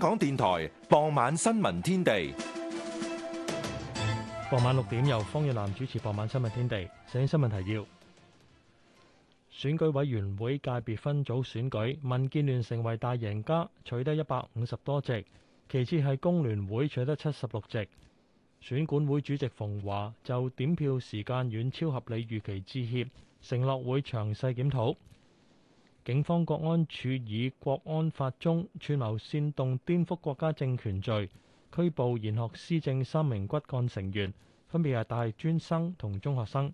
香港電台傍晚新聞天地，傍晚六點由方若男主持。傍晚新聞天地，首先新聞提要：選舉委員會界別分組選舉，民建聯成為大贏家，取得一百五十多席；其次係工聯會取得七十六席。選管會主席馮華就點票時間遠超合理預期致歉，承諾會詳細檢討。警方國安處以國安法中串謀煽動顛覆國家政權罪拘捕賢學思政三名骨幹成員，分別係大專生同中學生。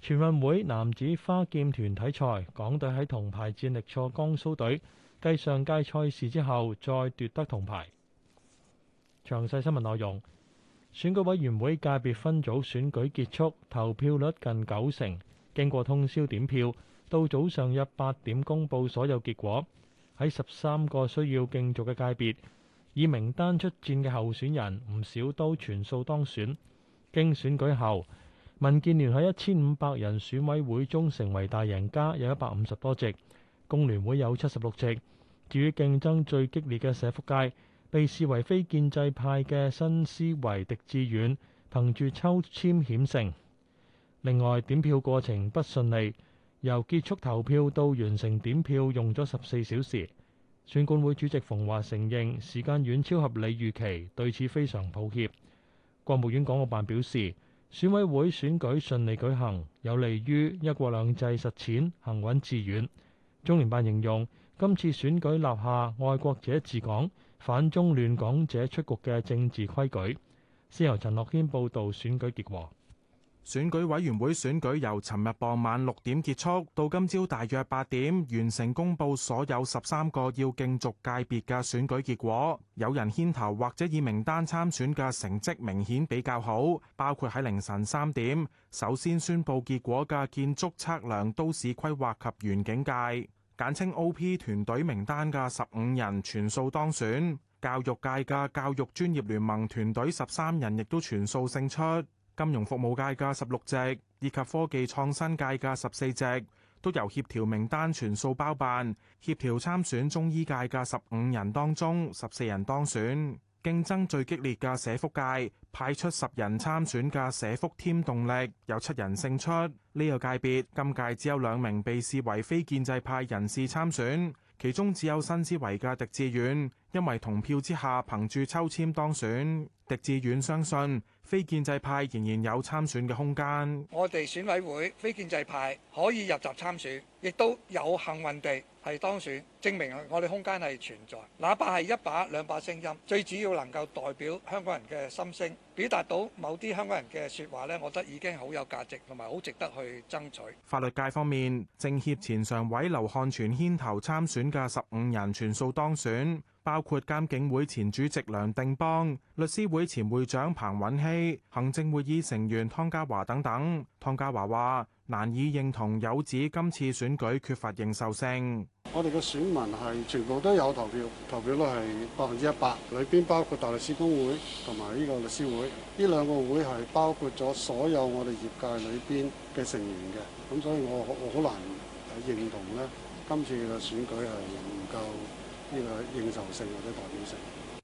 全運會男子花劍團體賽，港隊喺銅牌戰力挫江蘇隊，繼上屆賽事之後再奪得銅牌。詳細新聞內容：選舉委員會界別分組選舉結束，投票率近九成，經過通宵點票。到早上約八點公佈所有結果。喺十三個需要競逐嘅界別，以名單出戰嘅候選人唔少都全數當選。經選舉後，民建聯喺一千五百人選委會中成為大贏家，有一百五十多席。工聯會有七十六席。至於競爭最激烈嘅社福界，被視為非建制派嘅新思維狄志遠憑住抽籤險勝。另外，點票過程不順利。由結束投票到完成點票用咗十四小時，選管會主席馮華承認時間遠超合理預期，對此非常抱歉。國務院港澳辦表示，選委會選舉順利舉行，有利於一國兩制實踐行穩致遠。中聯辦形容今次選舉立下愛國者治港、反中亂港者出局嘅政治規矩。先由陳樂軒報導選舉結果。選舉委員會選舉由尋日傍晚六點結束，到今朝大約八點完成公布所有十三個要競逐界別嘅選舉結果。有人牽頭或者以名單參選嘅成績明顯比較好，包括喺凌晨三點首先宣布結果嘅建築測量、都市規劃及園景界（簡稱 OP） 團隊名單嘅十五人全數當選。教育界嘅教育專業聯盟團隊十三人亦都全數勝出。金融服務界嘅十六席以及科技創新界嘅十四席，都由協調名單全數包辦。協調參選中醫界嘅十五人當中，十四人當選。競爭最激烈嘅社福界派出十人參選嘅社福添動力，有七人勝出。呢個界別今屆只有兩名被視為非建制派人士參選，其中只有新思維嘅狄志遠，因為同票之下憑住抽籤當選。狄志遠相信，非建制派仍然有參選嘅空間。我哋選委會，非建制派可以入閘參選，亦都有幸運地係當選，證明我哋空間係存在。哪怕係一把、兩把聲音，最主要能夠代表香港人嘅心聲，表達到某啲香港人嘅說話咧，我覺得已經好有價值，同埋好值得去爭取。法律界方面，政協前常委劉漢全牽頭參選嘅十五人全數當選，包括監警會前主席梁定邦、律師會前會長彭允熙。行政會議成員湯家驊等等，湯家驊話難以認同有指今次選舉缺乏認受性。我哋嘅選民係全部都有投票，投票率係百分之一百，裏邊包括大律師公會同埋呢個律師會，呢兩個會係包括咗所有我哋業界裏邊嘅成員嘅，咁所以我我好難認同呢今次嘅選舉係唔夠呢個認受性或者代表性。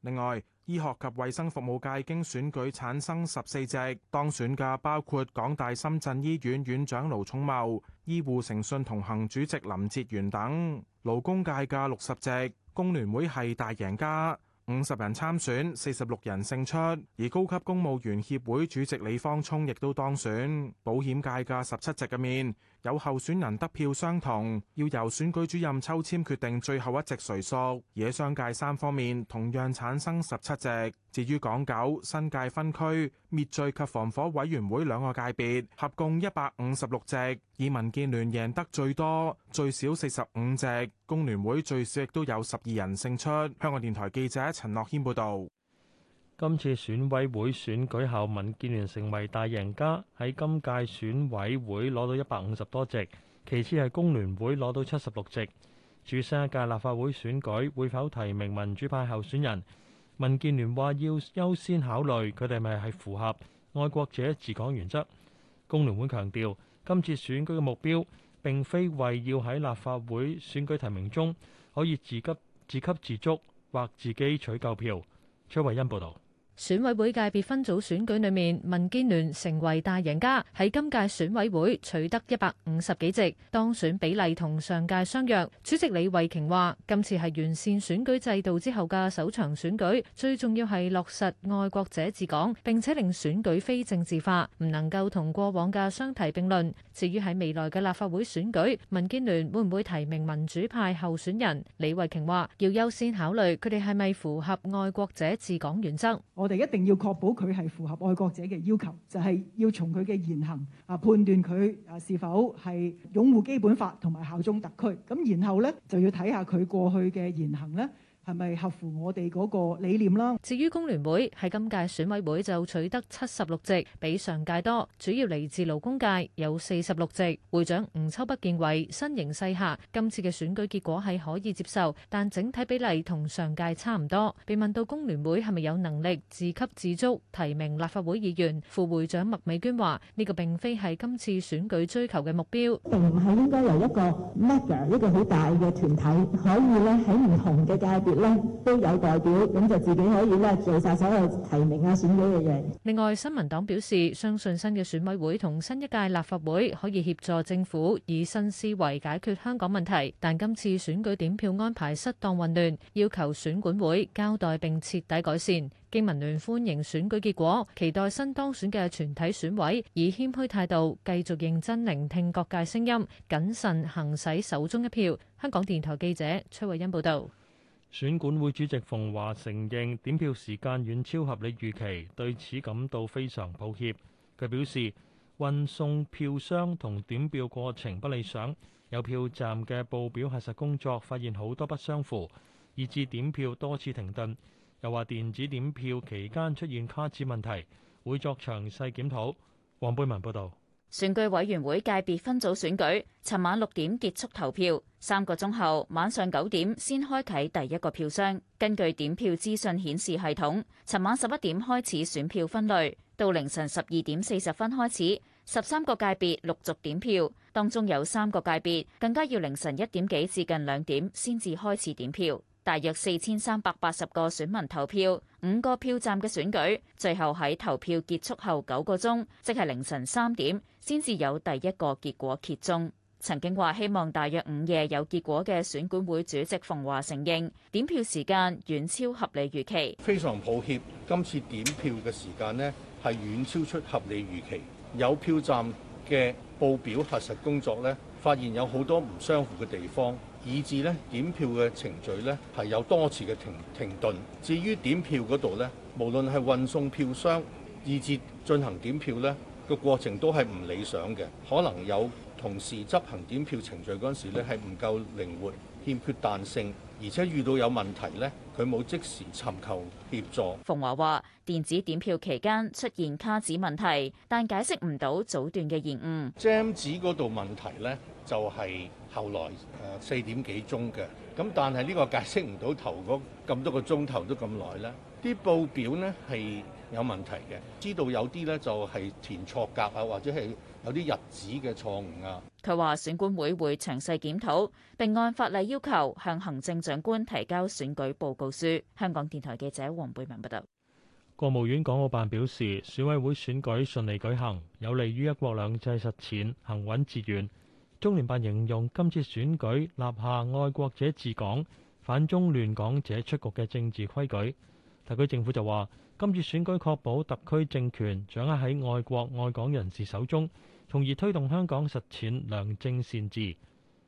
另外。醫學及衛生服務界經選舉產生十四席，當選嘅包括港大深圳醫院院長盧寵茂、醫護誠信同行主席林哲玄等。勞工界嘅六十席，工聯會係大贏家，五十人參選，四十六人勝出。而高級公務員協會主席李方聰亦都當選。保險界嘅十七席嘅面。有候選人得票相同，要由選舉主任抽籤決定最後一席誰屬。而喺商界三方面同樣產生十七席。至於港九新界分區滅罪及防火委員會兩個界別，合共一百五十六席，以民建聯贏得最多，最少四十五席。工聯會最少亦都有十二人勝出。香港電台記者陳樂軒報導。今次選委會選舉後，民建聯成為大贏家，喺今屆選委會攞到一百五十多席。其次係工聯會攞到七十六席。主新一屆立法會選舉會否提名民主派候選人？民建聯話要優先考慮佢哋，咪係符合愛國者治港原則。工聯會強調，今次選舉嘅目標並非為要喺立法會選舉提名中可以自給自給自足或自己取夠票。崔慧欣報導。選委會界別分組選舉裏面，民建聯成為大贏家，喺今屆選委會取得一百五十幾席，當選比例同上屆相若。主席李慧瓊話：今次係完善選舉制度之後嘅首場選舉，最重要係落實愛國者治港，並且令選舉非政治化，唔能夠同過往嘅相提並論。至於喺未來嘅立法會選舉，民建聯會唔會提名民主派候選人？李慧瓊話：要優先考慮佢哋係咪符合愛國者治港原則。我哋一定要確保佢係符合愛國者嘅要求，就係要從佢嘅言行啊判斷佢啊是否係擁護基本法同埋效忠特區，咁然後咧就要睇下佢過去嘅言行咧。係咪合乎我哋嗰個理念啦？至於工聯會喺今屆選委會就取得七十六席，比上屆多，主要嚟自勞工界有四十六席。會長吳秋北認為，新形勢下今次嘅選舉結果係可以接受，但整體比例同上屆差唔多。被問到工聯會係咪有能力自給自足提名立法會議員，副會長麥美娟話：呢個並非係今次選舉追求嘅目標，並唔係應該由一個 mega 一個好大嘅團體可以咧喺唔同嘅階段咧都有代表，咁就自己可以咧做曬所有提名啊、選舉嘅嘢。另外，新民黨表示相信新嘅選委會同新一屆立法會可以協助政府以新思維解決香港問題。但今次選舉點票安排失當混亂，要求選管會交代並徹底改善。經民聯歡迎選舉結果，期待新當選嘅全體選委以謙虛態度繼續認真聆聽各界聲音，謹慎行使手中一票。香港電台記者崔慧欣報道。選管會主席馮華承認點票時間遠超合理預期，對此感到非常抱歉。佢表示運送票箱同點票過程不理想，有票站嘅報表核實工作發現好多不相符，以致點票多次停頓。又話電子點票期間出現卡紙問題，會作詳細檢討。黃貝文報導。選舉委員會界別分組選舉，尋晚六點結束投票，三個鐘後晚上九點先開啟第一個票箱。根據點票資訊顯示系統，尋晚十一點開始選票分類，到凌晨十二點四十分開始，十三個界別陸續點票，當中有三個界別更加要凌晨一點幾至近兩點先至開始點票。大約四千三百八十個選民投票，五個票站嘅選舉，最後喺投票結束後九個鐘，即係凌晨三點，先至有第一個結果揭盅。曾經話希望大約午夜有結果嘅選管會主席馮華承認，點票時間遠超合理預期。非常抱歉，今次點票嘅時間呢係遠超出合理預期，有票站嘅報表、核實工作呢，發現有好多唔相符嘅地方。以至呢點票嘅程序呢係有多次嘅停停頓。至於點票嗰度呢，無論係運送票箱，以至進行點票呢個過程都係唔理想嘅。可能有同事執行點票程序嗰陣時咧係唔夠靈活，欠缺彈性，而且遇到有問題呢，佢冇即時尋求協助。馮華話：電子點票期間出現卡紙問題，但解釋唔到早段嘅延誤。James 嗰度問題呢，就係、是。後來誒四點幾鐘嘅，咁但係呢個解釋唔到頭嗰咁多個鐘頭都咁耐啦。啲報表呢係有問題嘅，知道有啲呢就係填錯格啊，或者係有啲日子嘅錯誤啊。佢話選管會會詳細檢討並按法例要求向行政長官提交選舉報告書。香港電台記者黃貝文報道。國務院港澳辦表示，選委會選舉順利舉行，有利於一國兩制實踐行穩致遠。中聯辦形容今次選舉立下愛國者治港、反中亂港者出局嘅政治規矩。特區政府就話，今次選舉確保特區政權掌握喺愛國愛港人士手中，從而推動香港實踐良政善治。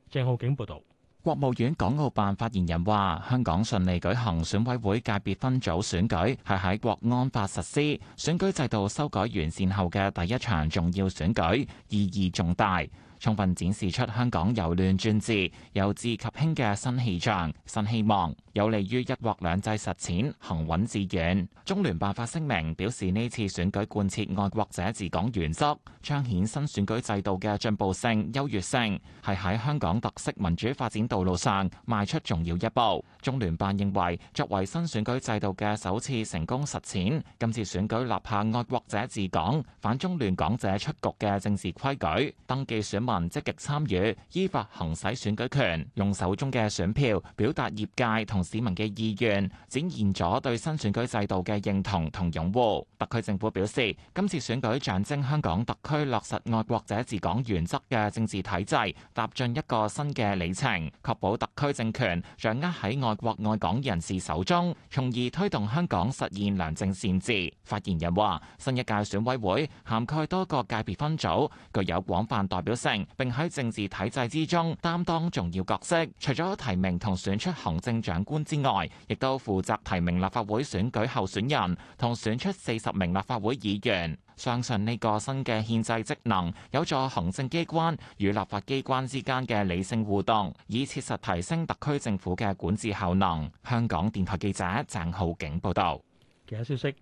鄭浩景報導。國務院港澳辦發言人話：香港順利舉行選委會界別分組選舉，係喺國安法實施、選舉制度修改完善後嘅第一場重要選舉，意義重大。充分展示出香港由亂轉治、由治及興嘅新氣象、新希望，有利於一國兩制實踐行穩致遠。中聯辦發聲明表示，呢次選舉貫徹愛國者治港原則，彰顯新選舉制度嘅進步性、優越性，係喺香港特色民主發展道路上邁出重要一步。中聯辦認為，作為新選舉制度嘅首次成功實踐，今次選舉立下愛國者治港、反中亂港者出局嘅政治規矩，登記選民。民積極參與，依法行使選舉權，用手中嘅選票表達業界同市民嘅意願，展現咗對新選舉制度嘅認同同擁護。特區政府表示，今次選舉象徵香港特區落實愛國者治港原則嘅政治體制，踏進一個新嘅里程，確保特區政權掌握喺愛國愛港人士手中，從而推動香港實現良政善治。發言人話：新一屆選委會涵蓋多個界別分組，具有廣泛代表性。並喺政治體制之中擔當重要角色。除咗提名同選出行政長官之外，亦都負責提名立法會選舉候選人同選出四十名立法會議員。相信呢個新嘅憲制職能有助行政機關與立法機關之間嘅理性互動，以切實提升特區政府嘅管治效能。香港電台記者鄭浩景報道。其他消息。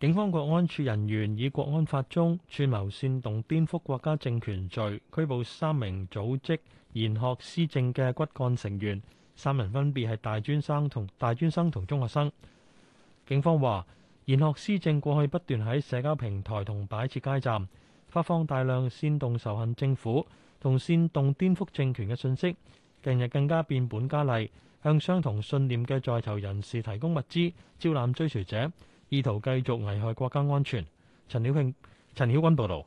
警方國安處人員以國安法中串謀煽動顛覆國家政權罪拘捕三名組織賢學思政嘅骨幹成員，三人分別係大專生、同大專生、同中學生。警方話，賢學思政過去不斷喺社交平台同擺設街站發放大量煽動仇恨政府同煽動顛覆政權嘅信息，近日更加變本加厲，向相同信念嘅在囚人士提供物資，招攬追隨者。意圖繼續危害國家安全，陳曉慶、陳曉君報道。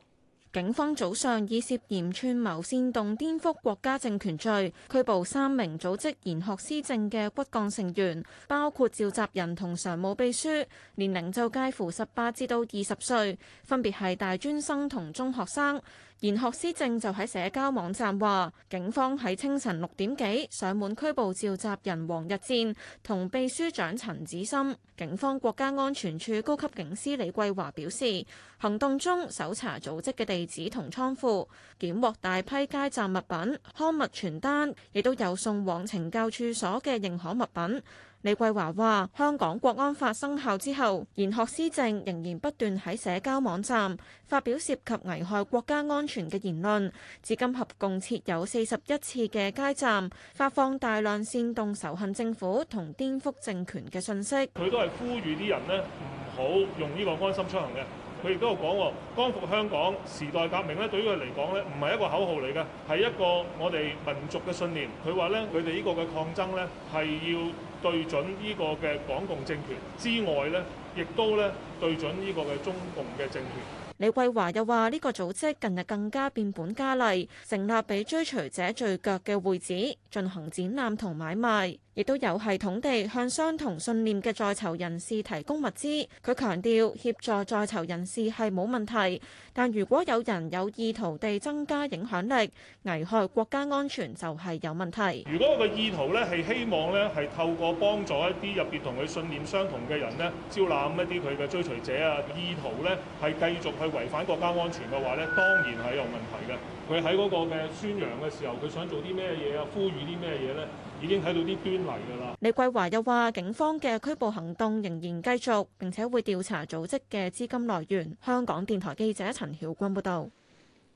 警方早上以涉嫌串謀煽動顛覆國家政權罪拘捕三名組織賢學思政嘅骨幹成員，包括召集人同常務秘書，年齡就介乎十八至到二十歲，分別係大專生同中學生。賢學思政就喺社交網站話，警方喺清晨六點幾上門拘捕召集人王逸戰同秘書長陳枳森。警方國家安全處高級警司李桂華表示，行動中搜查組織嘅地址同倉庫，檢獲大批街站物品、刊物、傳單，亦都有送往懲教處所嘅認可物品。李桂華話：香港國安法生效之後，賢學思政仍然不斷喺社交網站發表涉及危害國家安全嘅言論。至今合共設有四十一次嘅街站，發放大量煽動仇恨政府同顛覆政權嘅信息。佢都係呼籲啲人呢唔好用呢個安心出行嘅。佢亦都有講過，光復香港時代革命呢，對於佢嚟講呢，唔係一個口號嚟嘅，係一個我哋民族嘅信念。佢話呢，佢哋呢個嘅抗爭呢，係要。對準呢個嘅港共政權之外咧，亦都咧對準呢個嘅中共嘅政權。李桂華又話：呢、這個組織近日更加變本加厲，成立俾追隨者聚腳嘅會址，進行展覽同買賣。亦都有系統地向相同信念嘅在囚人士提供物資。佢強調協助在囚人士係冇問題，但如果有人有意圖地增加影響力，危害國家安全，就係有問題。如果個意圖咧係希望咧係透過幫助一啲入邊同佢信念相同嘅人咧招攬一啲佢嘅追隨者啊，意圖咧係繼續去違反國家安全嘅話咧，當然係有問題嘅。佢喺嗰個嘅宣揚嘅時候，佢想做啲咩嘢啊？呼籲啲咩嘢咧？已經睇到啲端倪㗎啦。李桂華又話：警方嘅拘捕行動仍然繼續，並且會調查組織嘅資金來源。香港電台記者陳曉君報導。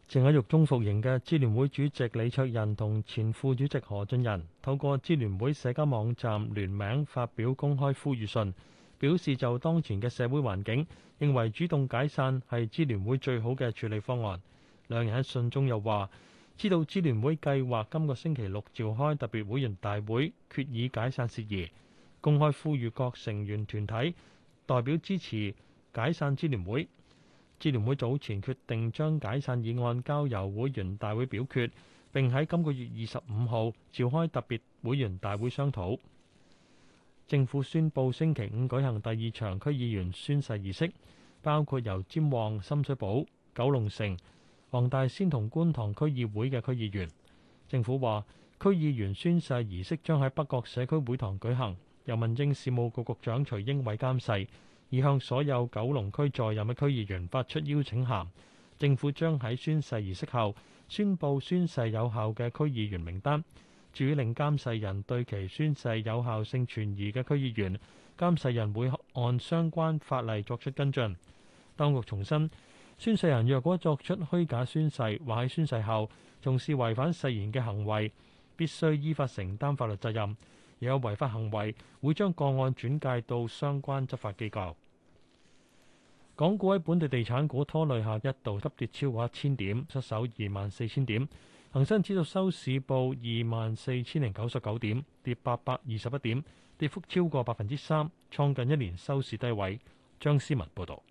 正喺獄中服刑嘅支聯會主席李卓人同前副主席何俊仁透過支聯會社交網站聯名發表公開呼籲信，表示就當前嘅社會環境，認為主動解散係支聯會最好嘅處理方案。兩人喺信中又話，知道支聯會計劃今個星期六召開特別會員大會決議解散事宜，公開呼籲各成員團體代表支持解散支聯會。支聯會早前決定將解散議案交由會員大會表決，並喺今個月二十五號召開特別會員大會商討。政府宣布星期五舉行第二場區議員宣誓儀式，包括由尖旺、深水埗、九龍城、黃大仙同觀塘區議會嘅區議員，政府話區議員宣誓儀式將喺北角社區會堂舉行，由民政事務局局長徐英偉監誓，已向所有九龍區在任嘅區議員發出邀請函。政府將喺宣誓儀式後，宣布宣誓有效嘅區議員名單，主令監誓人對其宣誓有效性存疑嘅區議員，監誓人會按相關法例作出跟進。當局重申。宣誓人若果作出虛假宣誓，或喺宣誓後從事違反誓言嘅行為，必須依法承擔法律責任。如有違法行為，會將個案轉介到相關執法機構。港股喺本地地產股拖累下，一度急跌超過一千點，失守二萬四千點。恒生指數收市報二萬四千零九十九點，跌八百二十一點，跌幅超過百分之三，創近一年收市低位。張思文報道。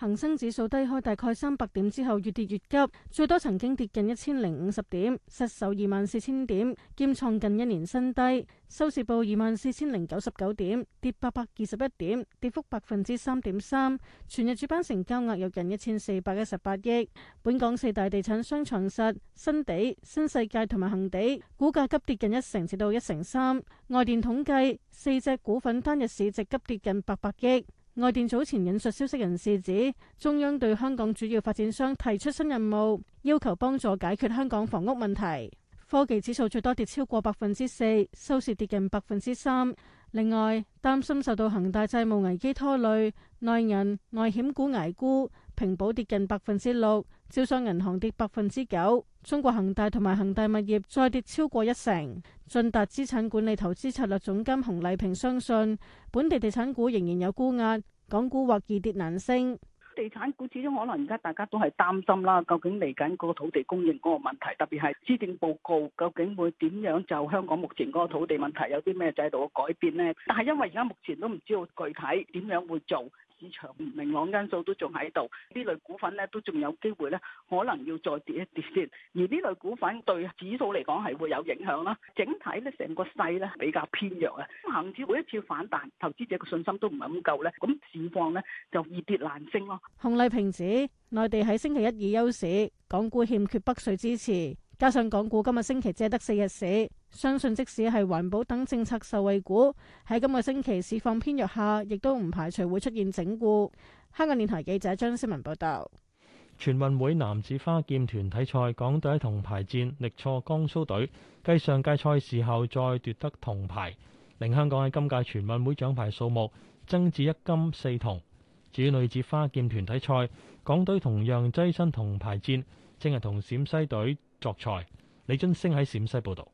恒生指數低開大概三百點之後越跌越急，最多曾經跌近一千零五十點，失守二萬四千點，兼創近一年新低。收市報二萬四千零九十九點，跌八百二十一點，跌幅百分之三點三。全日主板成交額有近一千四百一十八億。本港四大地產商長實、新地、新世界同埋恒地股價急跌近一成，至到一成三。外電統計，四隻股份單日市值急跌近八百億。外電早前引述消息人士指，中央對香港主要發展商提出新任務，要求幫助解決香港房屋問題。科技指數最多跌超過百分之四，收市跌近百分之三。另外，擔心受到恒大債務危機拖累，內銀、外險股挨沽。平保跌近百分之六，招商銀行跌百分之九，中國恒大同埋恒大物業再跌超過一成。駿達資產管理投資策略總監洪麗萍相信，本地地產股仍然有沽壓，港股或易跌難升。地產股始終可能而家大家都係擔心啦，究竟嚟緊嗰個土地供應嗰個問題，特別係施政報告究竟會點樣就香港目前嗰個土地問題有啲咩制度嘅改變咧？但係因為而家目前都唔知道具體點樣會做。市場唔明朗因素都仲喺度，呢類股份呢，都仲有機會呢，可能要再跌一跌先。而呢類股份對指數嚟講係會有影響啦。整體呢，成個勢呢，比較偏弱啊。恒指每一次反彈，投資者嘅信心都唔係咁夠呢，咁市況呢，就易跌難升咯。洪麗平指，內地喺星期一以休市，港股欠缺北水支持。加上港股今個星期只得四日市，相信即使係環保等政策受惠股喺今個星期市況偏弱下，亦都唔排除會出現整固。香港電台記者張思文報道，全運會男子花劍團體賽，港隊銅牌戰力挫江蘇隊，繼上屆賽事後再奪得銅牌，令香港喺今屆全運會獎牌數目增至一金四銅。至於女子花劍團體賽，港隊同樣躋身銅牌戰，正係同陝西隊作賽，李津升喺陝西報道。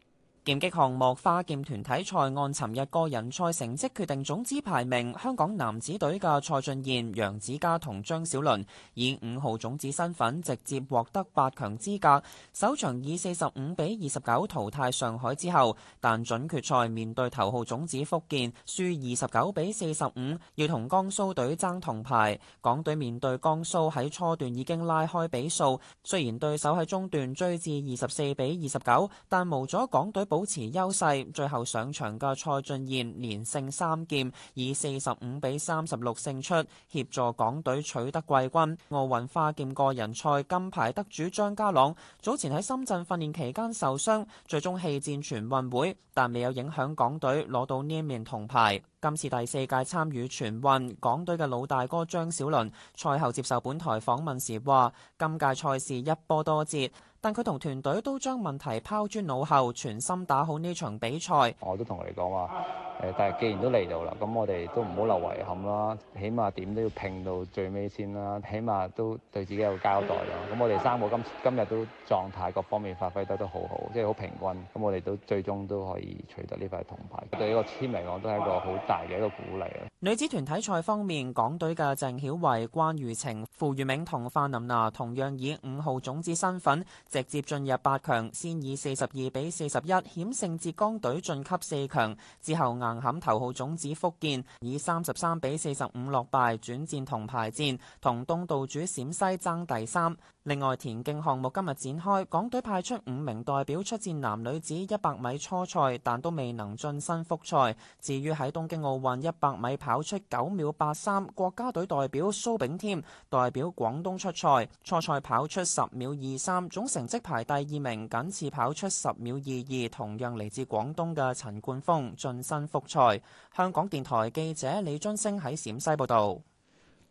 劍擊項目花劍團體賽按尋日個人賽成績決定種子排名，香港男子隊嘅蔡俊彥、楊子嘉同張小倫以五號種子身份直接獲得八強資格。首場以四十五比二十九淘汰上海之後，但準決賽面對頭號種子福建，輸二十九比四十五，要同江蘇隊爭銅牌。港隊面對江蘇喺初段已經拉開比數，雖然對手喺中段追至二十四比二十九，但無咗港隊保持優勢，最後上場嘅蔡俊彥連勝三劍，以四十五比三十六勝出，協助港隊取得季軍。奧運花劍個人賽金牌得主張家朗早前喺深圳訓練期間受傷，最終棄戰全運會，但未有影響港隊攞到呢面銅牌。今次第四屆參與全運，港隊嘅老大哥張小倫賽後接受本台訪問時話，今屆賽事一波多折，但佢同團隊都將問題拋諸腦後，全心打好呢場比賽。我都同佢哋講話，誒，但係既然都嚟到啦，咁我哋都唔好留遺憾啦，起碼點都要拼到最尾先啦，起碼都對自己有交代啦。咁我哋三個今今日都狀態各方面發揮得都好好，即係好平均。咁我哋都最終都可以取得呢塊銅牌，對呢個 team 嚟講都係一個好大嘅一個鼓勵女子團體賽方面，港隊嘅鄭曉慧、關如晴、傅裕銘同范琳娜，同樣以五號種子身份直接進入八強，先以四十二比四十一險勝浙江隊晉級四強，之後硬撼頭號種子福建，以三十三比四十五落敗，轉戰銅牌戰同東道主陝西爭第三。另外田徑項目今日展開，港隊派出五名代表出戰男女子一百米初賽，但都未能晉身複賽。至於喺東京。奧運一百米跑出九秒八三，國家隊代表蘇炳添代表廣東出賽，初賽跑出十秒二三，總成績排第二名，僅次跑出十秒二二，同樣嚟自廣東嘅陳冠峰晉身複賽。香港電台記者李津升喺陝西報道。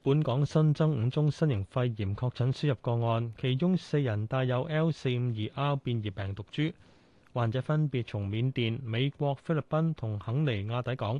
本港新增五宗新型肺炎確診輸入個案，其中四人帶有 L 四五二 R 變異病毒株，患者分別從緬甸、美國、菲律賓同肯尼亞抵港。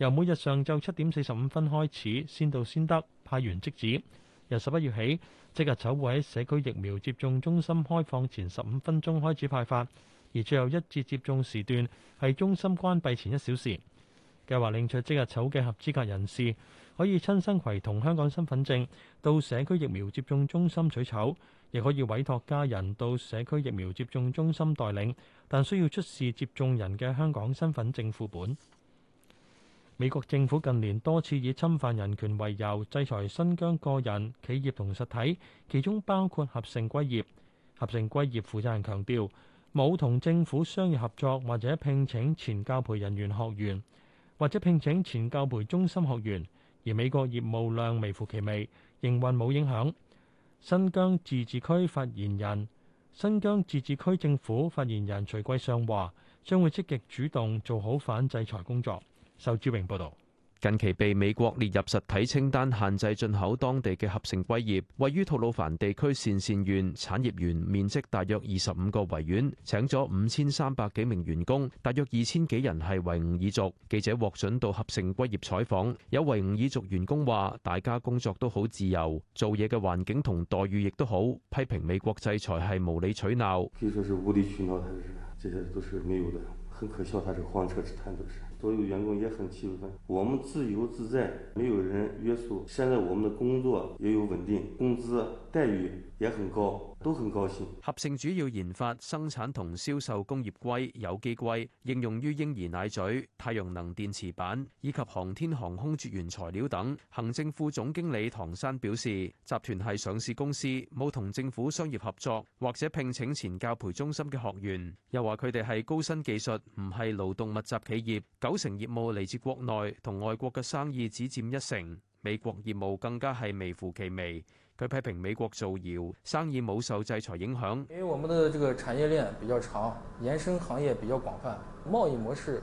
由每日上晝七點四十五分開始，先到先得，派完即止。由十一月起，即日籌會喺社區疫苗接種中心開放前十五分鐘開始派發，而最後一節接種時段係中心關閉前一小時。計劃領取即日籌嘅合資格人士可以親身攜同香港身份證到社區疫苗接種中心取籌，亦可以委託家人到社區疫苗接種中心代領，但需要出示接種人嘅香港身份證副本。美國政府近年多次以侵犯人權為由制裁新疆個人、企業同實體，其中包括合盛硅業。合盛硅業負責人強調，冇同政府商業合作或者聘請前教培人員學員，或者聘請前教培中心學員，而美國業務量微乎其微，營運冇影響。新疆自治區發言人、新疆自治區政府發言人徐桂相話：，將會積極主動做好反制裁工作。仇志榮報道，近期被美國列入實體清單，限制進口當地嘅合成硅業，位於吐魯番地區鄯善縣產業園，面積大約二十五個維園，請咗五千三百幾名員工，大約二千幾人係維吾爾族。記者獲准到合成硅業採訪，有維吾爾族員工話：，大家工作都好自由，做嘢嘅環境同待遇亦都好，批評美國制裁係無理取鬧。可以說是無理取鬧，他這是這些都是沒有的，很可笑，他這荒謬之談都是。所有員工也很氣憤，我們自由自在，沒有人約束。現在我們的工作也有穩定，工資待遇也很高。都很高先。合盛主要研發、生產同銷售工業硅、有機硅，應用於嬰兒奶嘴、太陽能電池板以及航天航空絕緣材料等。行政副總經理唐山表示，集團係上市公司，冇同政府商業合作，或者聘請前教培中心嘅學員。又話佢哋係高新技術，唔係勞動密集企業。九成業務嚟自國內，同外國嘅生意只佔一成。美國業務更加係微乎其微。佢批評美國造謠，生意冇受制裁影響。因為我們的這個產業鏈比較長，延伸行業比較廣泛，貿易模式。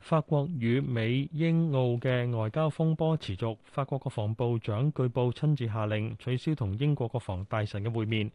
法國與美英澳嘅外交風波持續，法國國防部長據報親自下令取消同英國國防大臣嘅會面。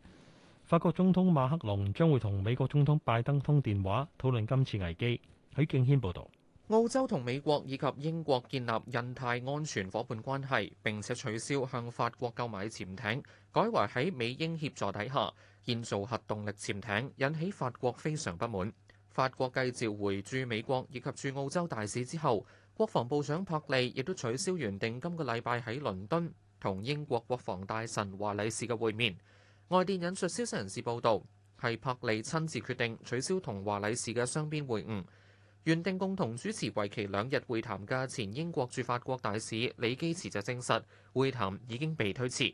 法國總統馬克龍將會同美國總統拜登通電話，討論今次危機。許敬軒報導。澳洲同美國以及英國建立印太安全夥伴關係，並且取消向法國購買潛艇，改為喺美英協助底下建造核動力潛艇，引起法國非常不滿。法國繼召回駐美國以及駐澳洲大使之後，國防部長柏利亦都取消原定今個禮拜喺倫敦同英國國防大臣華萊士嘅會面。外電引述消息人士報道，係柏利親自決定取消同華萊士嘅雙邊會晤。原定共同主持為期兩日會談嘅前英國駐法國大使李基慈就證實，會談已經被推遲。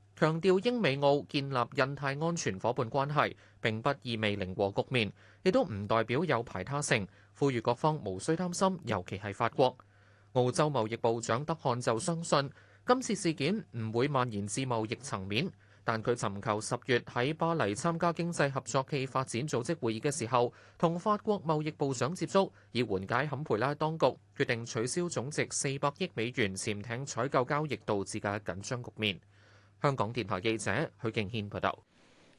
強調英美澳建立印太安全夥伴關係，並不意味零和局面，亦都唔代表有排他性。呼籲各方無需擔心，尤其係法國。澳洲貿易部長德漢就相信，今次事件唔會蔓延至貿易層面。但佢尋求十月喺巴黎參加經濟合作暨發展組織會議嘅時候，同法國貿易部長接觸，以緩解坎培拉當局決定取消總值四百億美元潛艇採購交易導致嘅緊張局面。香港電台記者許敬軒報道。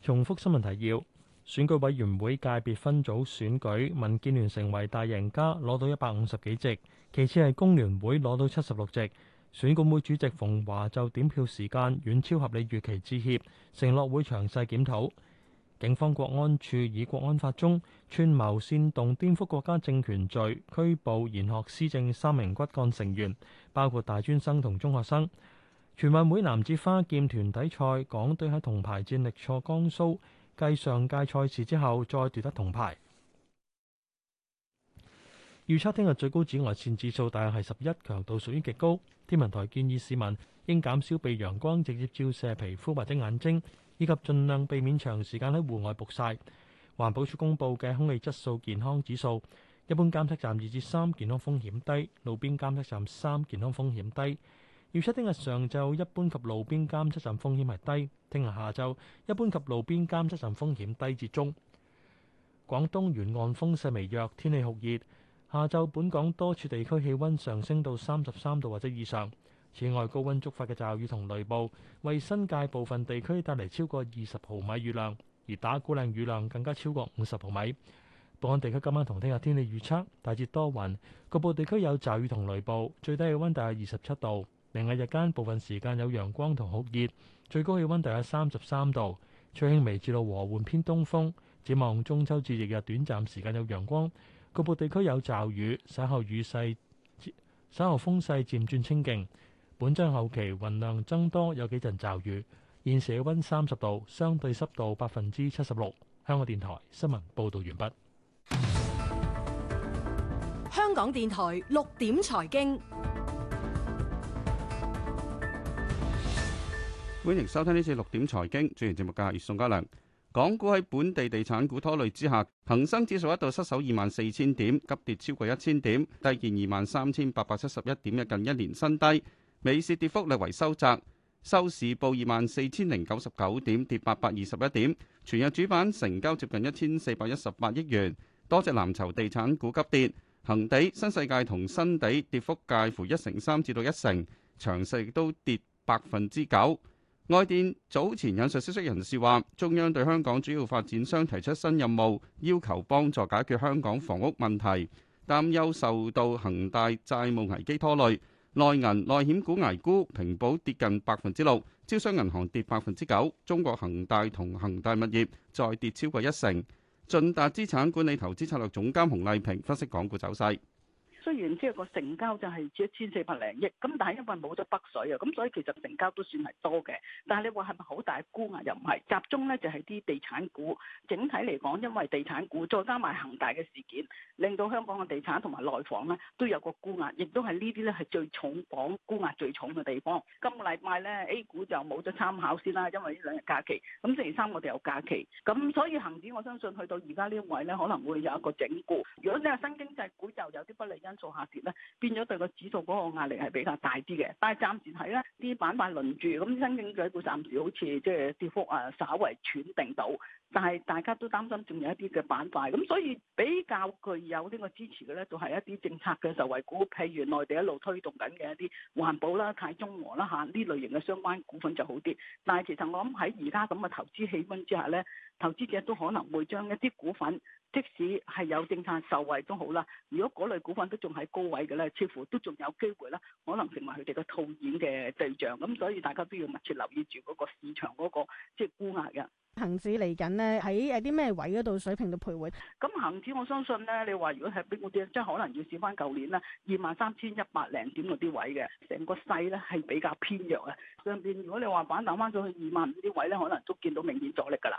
重複新聞提要：選舉委員會界別分組選舉，民建聯成為大贏家，攞到一百五十幾席；其次係工聯會攞到七十六席。選管會主席馮驊就點票時間遠超合理預期致歉，承諾會詳細檢討。警方國安處以國安法中串謀煽動顛覆國家政權罪拘捕賢學思政三名骨幹成員，包括大專生同中學生。全運會男子花劍團體賽，港隊喺銅牌戰力挫江蘇，繼上屆賽事之後再奪得銅牌。預測聽日最高紫外線指數大約係十一，強度屬於極高。天文台建議市民應減少被陽光直接照射皮膚或者眼睛，以及盡量避免長時間喺戶外曝曬。環保署公布嘅空氣質素健康指數，一般監測站二至三，健康風險低；路邊監測站三，健康風險低。預測聽日上晝一般及路邊監測站風險係低，聽日下晝一般及路邊監測站風險低至中。廣東沿岸風勢微弱，天氣酷熱。下晝本港多處地區氣溫上升到三十三度或者以上。此外，高溫觸發嘅驟雨同雷暴為新界部分地區帶嚟超過二十毫米雨量，而打鼓嶺雨量更加超過五十毫米。本港地區今晚同聽日天氣預測大致多雲，局部地區有驟雨同雷暴，最低氣溫大約二十七度。明日日間部分時間有陽光同酷熱，最高氣溫大約三十三度，吹輕微至到和緩偏東風。展望中秋至翌日短暫時間有陽光，局部地區有驟雨，稍後雨勢，稍後風勢漸轉清勁。本周後期雲量增多，有幾陣驟雨。現時氣溫三十度，相對濕度百分之七十六。香港電台新聞報道完畢。香港電台六點財經。歡迎收聽呢次六點財經。主持節目嘅係宋嘉良。港股喺本地地產股拖累之下，恒生指數一度失守二萬四千點，急跌超過一千點，低見二萬三千八百七十一點嘅近一年新低。美市跌幅略為收窄，收市報二萬四千零九十九點，跌八百二十一點。全日主板成交接近一千四百一十八億元。多隻藍籌地產股急跌，恒地、新世界同新地跌幅介乎一成三至到一成，長實亦都跌百分之九。外電早前引述消息人士話，中央對香港主要發展商提出新任務，要求幫助解決香港房屋問題，擔憂受到恒大債務危機拖累。內銀內險股挨沽，平保跌近百分之六，招商銀行跌百分之九，中國恒大同恒大物業再跌超過一成。駿達資產管理投資策略總監洪麗萍分析港股走勢。雖然即係個成交就係一千四百零億，咁但係因為冇咗北水啊，咁所以其實成交都算係多嘅。但係你話係咪好大沽壓又唔係，集中呢，就係啲地產股。整體嚟講，因為地產股再加埋恒大嘅事件，令到香港嘅地產同埋內房呢都有個沽壓，亦都係呢啲呢係最重磅沽壓最重嘅地方。今個禮拜呢 A 股就冇咗參考先啦，因為呢兩日假期。咁星期三我哋有假期，咁所以恒指我相信去到而家呢位呢可能會有一個整固。如果你話新經濟股就有啲不利因。做下跌咧，變咗對個指數嗰個壓力係比較大啲嘅。但係暫時睇咧，啲板塊輪住，咁新經濟股暫時好似即係跌幅啊，就是、ful，稍為斷定到。但係大家都擔心，仲有一啲嘅板塊，咁所以比較具有呢個支持嘅呢，就係、是、一啲政策嘅受惠股，譬如內地一路推動緊嘅一啲環保啦、碳中和啦嚇呢類型嘅相關股份就好啲。但係其實我諗喺而家咁嘅投資氣氛之下呢，投資者都可能會將一啲股份，即使係有政策受惠都好啦，如果嗰類股份都仲喺高位嘅呢，似乎都仲有機會啦，可能成為佢哋嘅套現嘅對象。咁所以大家都要密切留意住嗰個市場嗰、那個即係、就是、沽壓嘅。恒指嚟緊咧，喺誒啲咩位嗰度水平度徘徊？咁恒指，我相信呢，你話如果係逼我跌，即係可能要試翻舊年啦，二萬三千一百零點嗰啲位嘅。成個勢咧係比較偏弱啊。上邊如果你話反彈翻咗去二萬五啲位咧，可能都見到明顯阻力噶啦。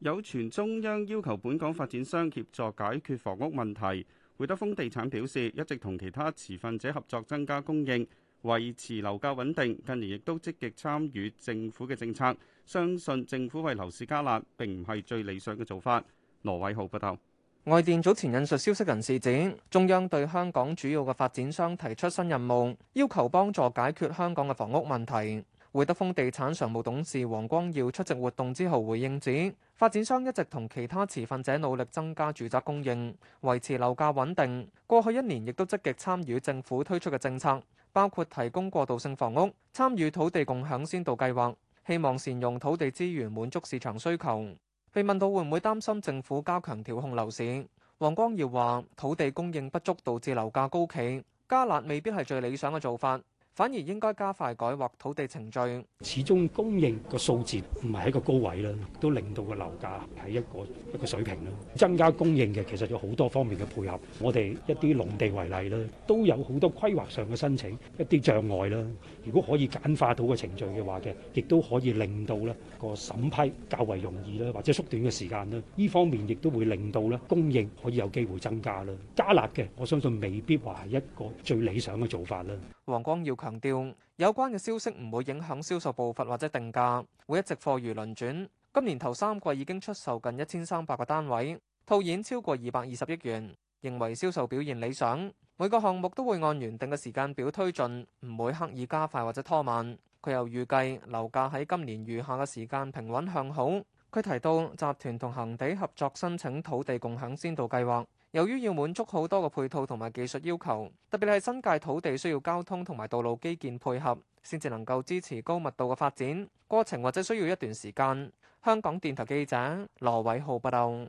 有傳中央要求本港發展商協助解決房屋問題，會德豐地產表示一直同其他持份者合作，增加供應，維持樓價穩定。近年亦都積極參與政府嘅政策。相信政府為樓市加辣並唔係最理想嘅做法。羅偉浩報道，外電早前引述消息人士指，中央對香港主要嘅發展商提出新任務，要求幫助解決香港嘅房屋問題。會德豐地產常務董事黃光耀出席活動之後回應指，發展商一直同其他持份者努力增加住宅供應，維持樓價穩定。過去一年亦都積極參與政府推出嘅政策，包括提供過渡性房屋，參與土地共享先導計劃。希望善用土地資源滿足市場需求。被問到會唔會擔心政府加強調控樓市，黃光耀話：土地供應不足導致樓價高企，加辣未必係最理想嘅做法。反而應該加快改劃土地程序，始終供應個數字唔係喺一個高位啦，都令到個樓價係一個一個水平啦。增加供應嘅其實有好多方面嘅配合，我哋一啲農地為例啦，都有好多規劃上嘅申請一啲障礙啦。如果可以簡化到個程序嘅話嘅，亦都可以令到呢個審批較為容易啦，或者縮短嘅時間啦。呢方面亦都會令到呢供應可以有機會增加啦。加辣嘅我相信未必話係一個最理想嘅做法啦。王光耀強調，有關嘅消息唔會影響銷售步伐或者定價，會一直貨如輪轉。今年頭三季已經出售近一千三百個單位，套現超過二百二十億元，認為銷售表現理想。每個項目都會按原定嘅時間表推進，唔會刻意加快或者拖慢。佢又預計樓價喺今年餘下嘅時間平穩向好。佢提到集團同恆地合作申請土地共享先導計劃。由於要滿足好多個配套同埋技術要求，特別係新界土地需要交通同埋道路基建配合，先至能夠支持高密度嘅發展，過程或者需要一段時間。香港電台記者羅偉浩報導。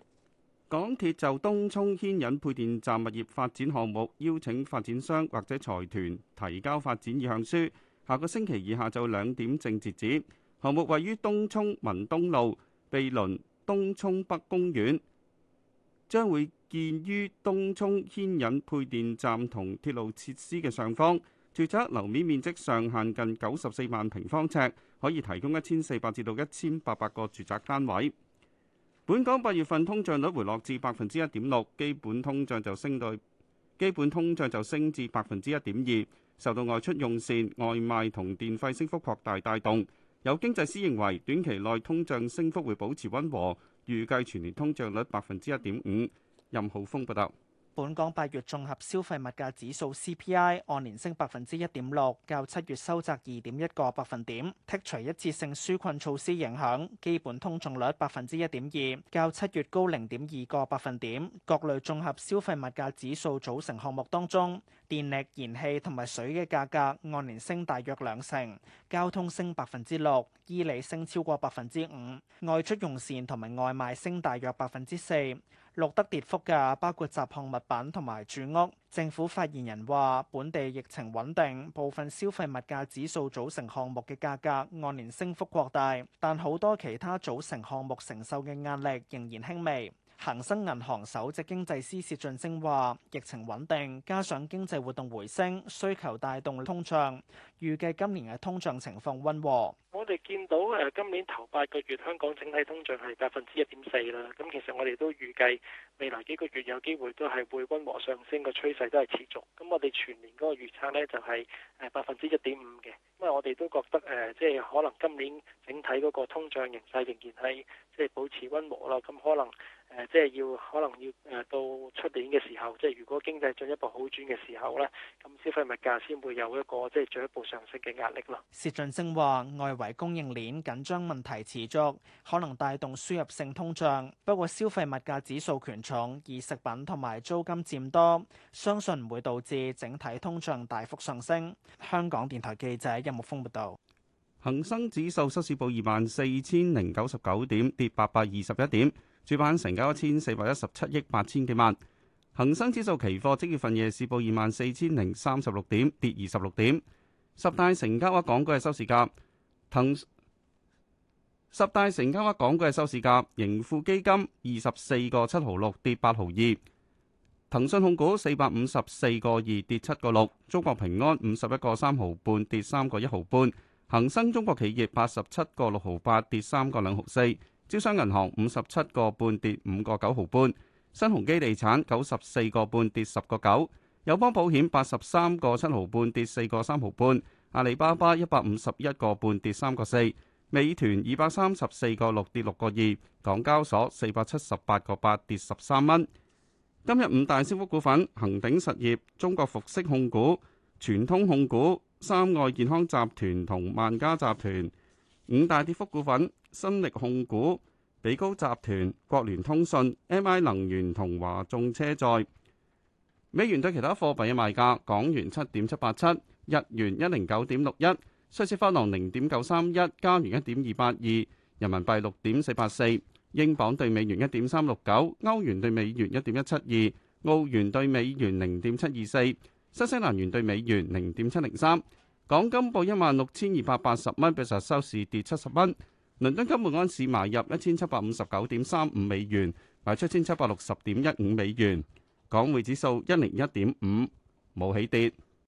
港鐵就東涌牽引配電站物業發展項目，邀請發展商或者財團提交發展意向書，下個星期二下晝兩點正截止,止。項目位於東涌文東路，毗鄰東涌北公園，將會，建於東涌牽引配電站同鐵路設施嘅上方，住宅樓面面積上限近九十四萬平方尺，可以提供一千四百至到一千八百個住宅單位。本港八月份通脹率回落至百分之一點六，基本通脹就升到，基本通脹就升至百分之一點二，受到外出用膳、外賣同電費升幅擴大帶動。有經濟師認為，短期內通脹升幅會保持溫和，預計全年通脹率百分之一點五。任浩峰報道，本港八月綜合消費物價指數 CPI 按年升百分之一點六，較七月收窄二點一個百分點。剔除一次性紓困措施影響，基本通脹率百分之一點二，較七月高零點二個百分點。各類綜合消費物價指數組成項目當中，電力、燃氣同埋水嘅價格按年升大約兩成，交通升百分之六，衣履升超過百分之五，外出用膳同埋外賣升大約百分之四。錄得跌幅嘅，包括雜項物品同埋住屋。政府發言人話，本地疫情穩定，部分消費物價指數組成項目嘅價格按年升幅擴大，但好多其他組成項目承受嘅壓力仍然輕微。恒生銀行首席經濟師薛俊昇話：疫情穩定，加上經濟活動回升，需求帶動通脹，預計今年嘅通脹情況溫和。我哋見到誒今年頭八個月香港整體通脹係百分之一點四啦，咁其實我哋都預計未來幾個月有機會都係會溫和上升，個趨勢都係持續。咁我哋全年嗰個預測呢就係誒百分之一點五嘅。因為我哋都覺得誒、呃，即係可能今年整體嗰個通脹形勢仍然係即係保持溫和啦。咁、嗯、可能誒、呃，即係要可能要誒到出年嘅時候，即係如果經濟進一步好轉嘅時候咧，咁消費物價先會有一個即係進一步上升嘅壓力咯。薛俊昇話：外圍供應鏈緊張問題持續，可能帶動輸入性通脹。不過消費物價指數權重以食品同埋租金佔多，相信唔會導致整體通脹大幅上升。香港電台記者木鋒報道，恒生指數收市報二萬四千零九十九點，跌八百二十一點。主板成交一千四百一十七億八千幾萬。恒生指數期貨即月份夜市報二萬四千零三十六點，跌二十六點。十大成交額港股嘅收市價，騰十大成交額港股嘅收市價，盈富基金二十四個七毫六，跌八毫二。騰訊控股四百五十四個二跌七個六，中國平安，五十一個三毫半跌三個一毫半，恒生中國企業，八十七個六毫八跌三個兩毫四，招商銀行，五十七個半跌五個九毫半，新鴻基地產，九十四個半跌十個九，友邦保險，八十三個七毫半跌四個三毫半，阿里巴巴一百五十一個半跌三個四，美團二百三十四個六跌六個二，港交所四百七十八個八跌十三蚊。今日五大升幅股份：恒鼎實業、中國服飾控股、全通控股、三愛健康集團同萬家集團。五大跌幅股份：新力控股、比高集團、國聯通訊、MI 能源同華眾車載。美元對其他貨幣嘅賣價：港元七點七八七，日元一零九點六一，瑞士法郎零點九三一，加元一點二八二，人民幣六點四八四。英鎊對美元一點三六九，歐元對美元一點一七二，澳元對美元零點七二四，新西蘭元對美元零點七零三。港金報一萬六千二百八十蚊，比上日收市跌七十蚊。倫敦金每安士買入一千七百五十九點三五美元，賣出一千七百六十點一五美元。港匯指數一零一點五，冇起跌。